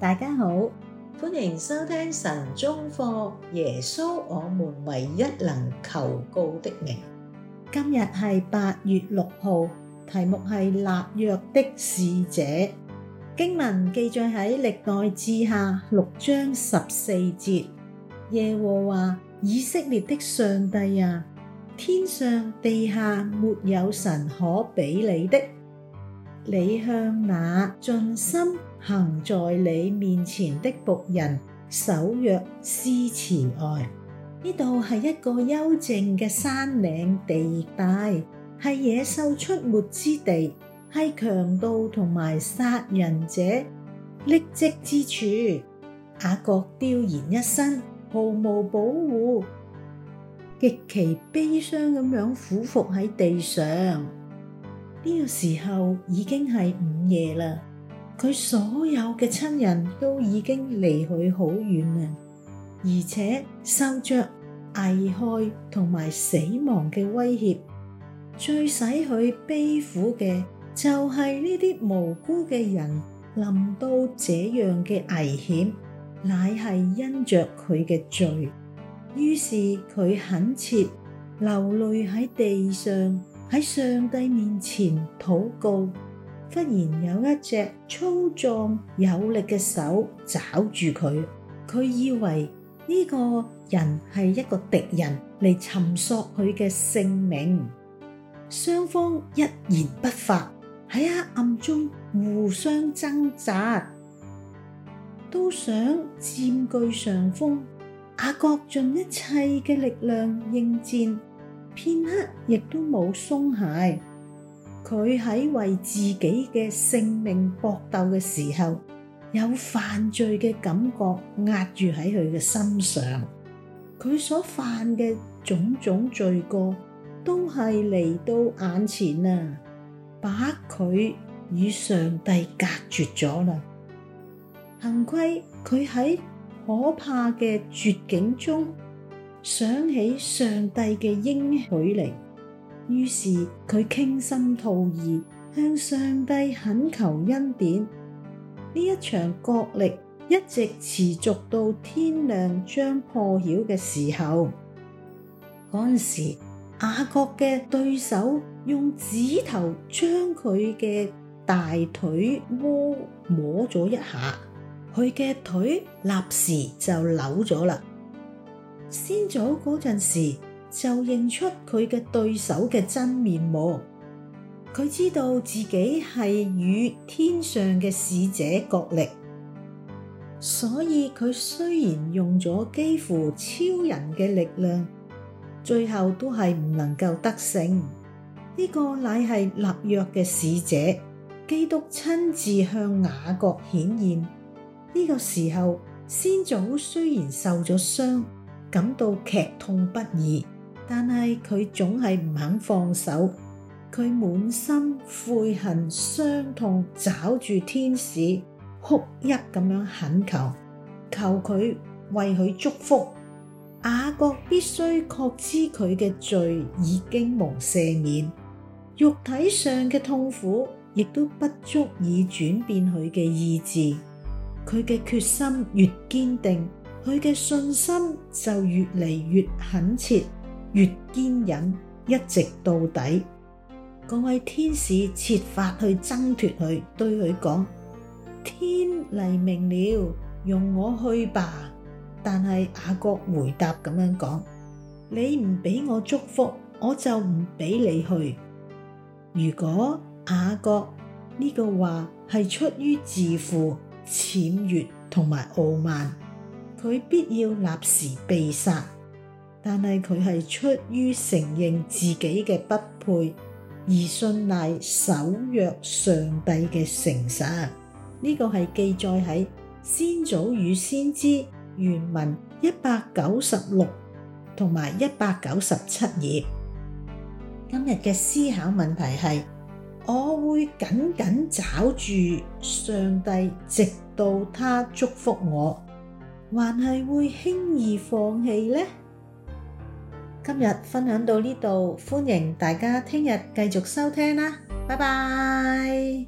大家好，歡迎收聽神中課，耶穌我們唯一能求告的名。今日係八月六號，題目係立約的使者。經文記載喺歷代志下六章十四節，耶和華以色列的上帝啊，天上地下沒有神可比你的。你向那盡心行在你面前的僕人守約施慈愛。呢度係一個幽靜嘅山嶺地帶，係野獸出沒之地，係強盜同埋殺人者匿跡之處。雅各孑然一身，毫無保護，極其悲傷咁樣俯伏喺地上。呢個時候已經係午夜啦，佢所有嘅親人都已經離佢好遠啦，而且受着危害同埋死亡嘅威脅，最使佢悲苦嘅就係呢啲無辜嘅人臨到這樣嘅危險，乃係因着佢嘅罪。於是佢懇切流淚喺地上。喺上帝面前禱告，忽然有一隻粗壯有力嘅手抓住佢，佢以為呢個人係一個敵人嚟尋索佢嘅性命。雙方一言不發，喺黑暗中互相掙扎，都想佔據上風，雅各盡一切嘅力量應戰。片刻亦都冇鬆懈，佢喺為自己嘅性命搏鬥嘅時候，有犯罪嘅感覺壓住喺佢嘅心上，佢所犯嘅種種罪過都係嚟到眼前啊！把佢與上帝隔絕咗啦，幸虧佢喺可怕嘅絕境中。想起上帝嘅應許嚟，於是佢傾心吐意向上帝懇求恩典。呢一場角力一直持續到天亮將破曉嘅時候。嗰陣時，雅各嘅對手用指頭將佢嘅大腿窩摸咗一下，佢嘅腿立時就扭咗啦。先祖嗰陣時就認出佢嘅對手嘅真面目，佢知道自己係與天上嘅使者角力，所以佢雖然用咗幾乎超人嘅力量，最後都係唔能夠得勝。呢個乃係立約嘅使者，基督親自向雅各顯現。呢個時候，先祖雖然受咗傷。感到劇痛不已，但係佢總係唔肯放手，佢滿心悔恨、傷痛，找住天使哭泣咁樣懇求，求佢為佢祝福。雅各必須確知佢嘅罪已經蒙赦免，肉體上嘅痛苦亦都不足以轉變佢嘅意志，佢嘅決心越堅定。佢嘅信心就越嚟越懇切，越堅忍，一直到底。嗰位天使設法去掙脫佢，對佢講：天黎明了，容我去吧。但係雅各回答咁樣講：你唔畀我祝福，我就唔畀你去。如果雅各呢、這個話係出於自負、僭越同埋傲慢。佢必要立時被殺，但係佢係出於承認自己嘅不配而信賴守約上帝嘅誠實。呢、這個係記載喺《先祖與先知》原文一百九十六同埋一百九十七頁。今日嘅思考問題係：我會緊緊抓住上帝，直到他祝福我。還係會輕易放棄呢？今日分享到呢度，歡迎大家聽日繼續收聽啦，拜拜。